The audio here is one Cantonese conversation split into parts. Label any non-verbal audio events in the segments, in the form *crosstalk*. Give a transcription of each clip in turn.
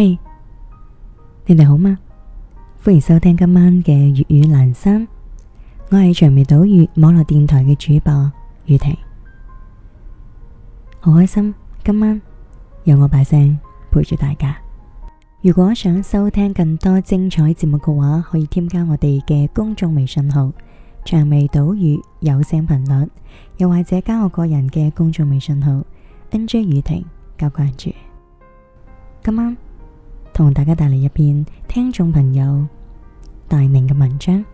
嘿，hey, 你哋好嗎？歡迎收聽今晚嘅粵語闌山，我係長眉島語網絡電台嘅主播雨婷，好開心今晚有我把聲陪住大家。如果想收聽更多精彩節目嘅話，可以添加我哋嘅公眾微信號長眉島語有聲頻率，又或者加我個人嘅公眾微信號 n j 雨婷加關注。今晚。同大家帶嚟一篇聽眾朋友大寧嘅文章，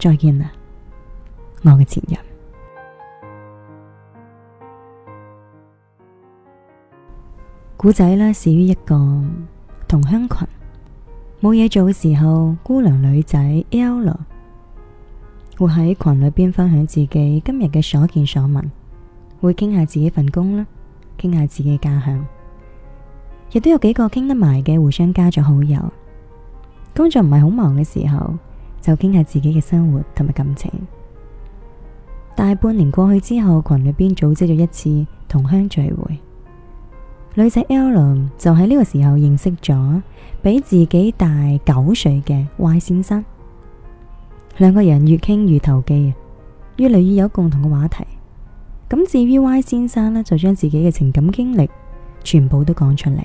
再見啦，我嘅前任。古仔咧，始於一個同鄉群，冇嘢做嘅時候，姑娘女仔 L 啦會喺群裏邊分享自己今日嘅所見所聞，會傾下自己份工啦，傾下自己嘅家鄉。亦都有幾個傾得埋嘅，互相加咗好友。工作唔係好忙嘅時候，就傾下自己嘅生活同埋感情。大半年過去之後，群裏邊組織咗一次同鄉聚會。女仔 L 就喺呢個時候認識咗比自己大九歲嘅 Y 先生。兩個人越傾越投機，越嚟越有共同嘅話題。咁至於 Y 先生呢，就將自己嘅情感經歷全部都講出嚟。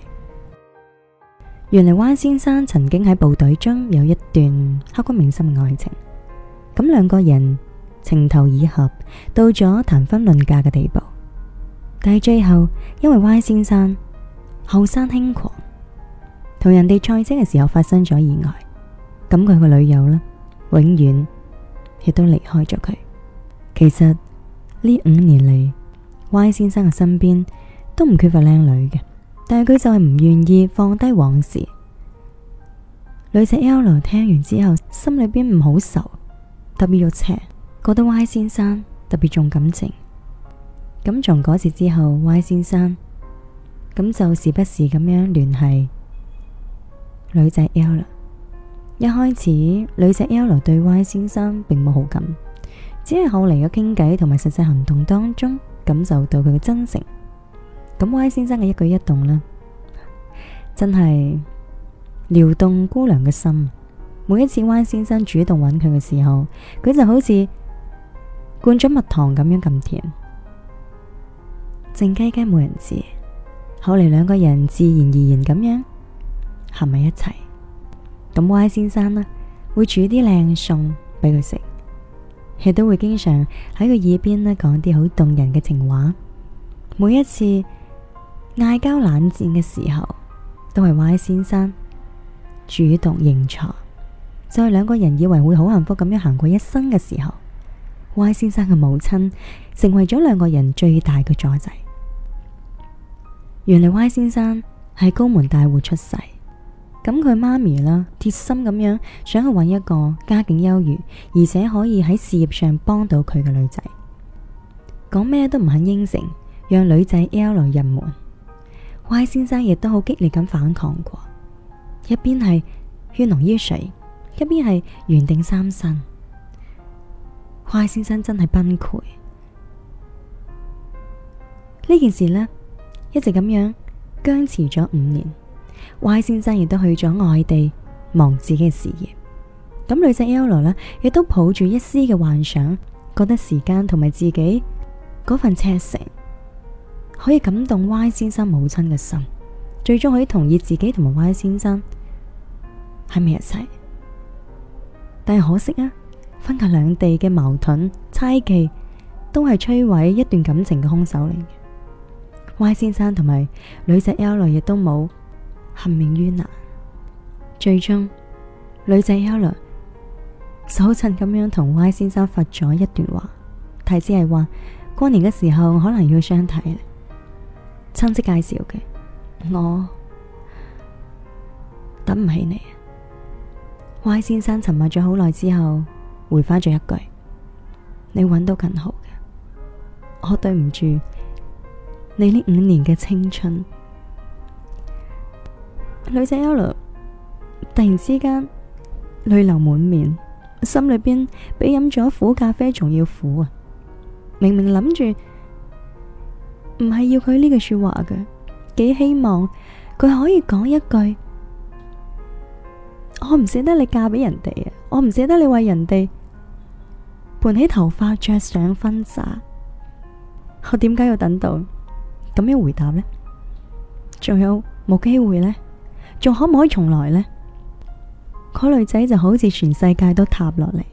原來 Y 先生曾經喺部隊中有一段刻骨銘心嘅愛情，咁兩個人情投意合，到咗談婚論嫁嘅地步，但係最後，因為 Y 先生後生輕，輕狂，同人哋賽車嘅時候發生咗意外，咁佢個女友呢永遠亦都離開咗佢。其實呢五年嚟，Y 先生嘅身邊都唔缺乏靚女嘅。但係佢就係唔願意放低往事。女仔 L 來聽完之後，心裏邊唔好受，特別肉赤，覺得 Y 先生特別重感情。咁從嗰次之後，Y 先生咁就時不時咁樣聯繫女仔 L 啦。一開始，女仔 L 來對 Y 先生並冇好感，只係後嚟嘅傾偈同埋實際行動當中感受到佢嘅真誠。咁 Y 先生嘅一舉一動呢，真係撩動姑娘嘅心。每一次 Y 先生主動揾佢嘅時候，佢就好似灌咗蜜糖咁樣咁甜。靜雞雞冇人知，後嚟兩個人自然而然咁樣行埋一齊。咁 Y 先生呢，會煮啲靚餸俾佢食，亦都會經常喺佢耳邊呢，講啲好動人嘅情話。每一次嗌交冷戰嘅時候，都係 Y 先生主動認錯。在、就、兩、是、個人以為會好幸福咁樣行過一生嘅時候，Y *music* 先生嘅母親成為咗兩個人最大嘅阻滯。原來 Y 先生係高門大戶出世，咁佢媽咪啦，鐵心咁樣想去揾一個家境優越，而且可以喺事業上幫到佢嘅女仔，講咩都唔肯應承，讓女仔 L 來入門。Y 先生亦都好激烈咁反抗過，一邊係血濃於水，一邊係緣定三生。Y 先生真係崩潰。呢件事呢，一直咁樣僵持咗五年，Y 先生亦都去咗外地忙自己嘅事業。咁女仔 L 羅咧亦都抱住一絲嘅幻想，覺得時間同埋自己嗰份赤誠。可以感動 Y 先生母親嘅心，最終可以同意自己同埋 Y 先生喺埋一齊。但係可惜啊，分隔兩地嘅矛盾猜忌都係摧毀一段感情嘅凶手嚟。Y 先生同埋女仔 L 亦都冇幸免於難。最終，女仔 L 手親咁樣同 Y 先生發咗一段話，提示係話過年嘅時候可能要相睇。親戚介紹嘅，我等唔起你。Y 先生沉默咗好耐之後，回翻咗一句：你揾到更好嘅，我對唔住你呢五年嘅青春。女仔 L，突然之間淚流滿面，心裏邊比飲咗苦咖啡仲要苦啊！明明諗住。唔係要佢呢句說話嘅，幾希望佢可以講一句：我唔捨得你嫁俾人哋啊！我唔捨得你為人哋盤起頭髮、着上婚紗。我點解要等到咁樣回答呢？仲有冇機會呢？仲可唔可以重來呢？嗰女仔就好似全世界都塌落嚟，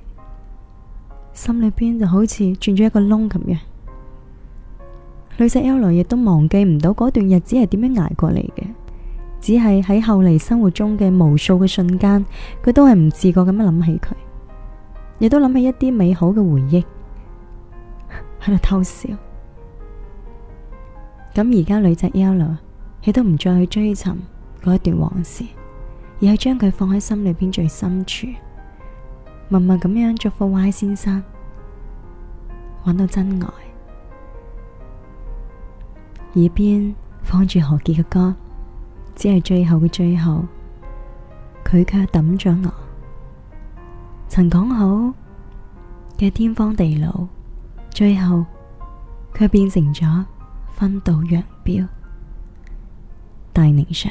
心裏邊就好似鑽咗一個窿咁樣。女仔 L 亦都忘記唔到嗰段日子係點樣捱過嚟嘅，只係喺後嚟生活中嘅無數嘅瞬間，佢都係唔自覺咁樣諗起佢，亦都諗起一啲美好嘅回憶，喺度偷笑。咁而家女仔 L 亦都唔再去追尋嗰一段往事，而係將佢放喺心裏邊最深處，默默咁樣祝福 Y 先生，搵到真愛。耳邊放住何潔嘅歌，只係最後嘅最後，佢卻丟咗我。曾講好嘅天荒地老，最後卻變成咗分道揚鑣。大明上。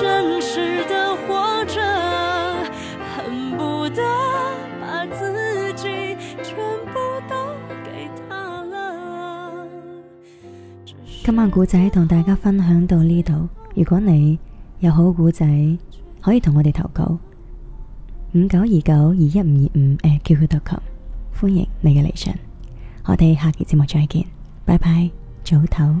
真實的活着，恨不得把自己全部都給他了。今晚古仔同大家分享到呢度，如果你有好古仔，可以同我哋投稿五九二九二一五二五 QQ.com 歡迎你嘅嚟信。我哋下期節目再見，拜拜，早唞。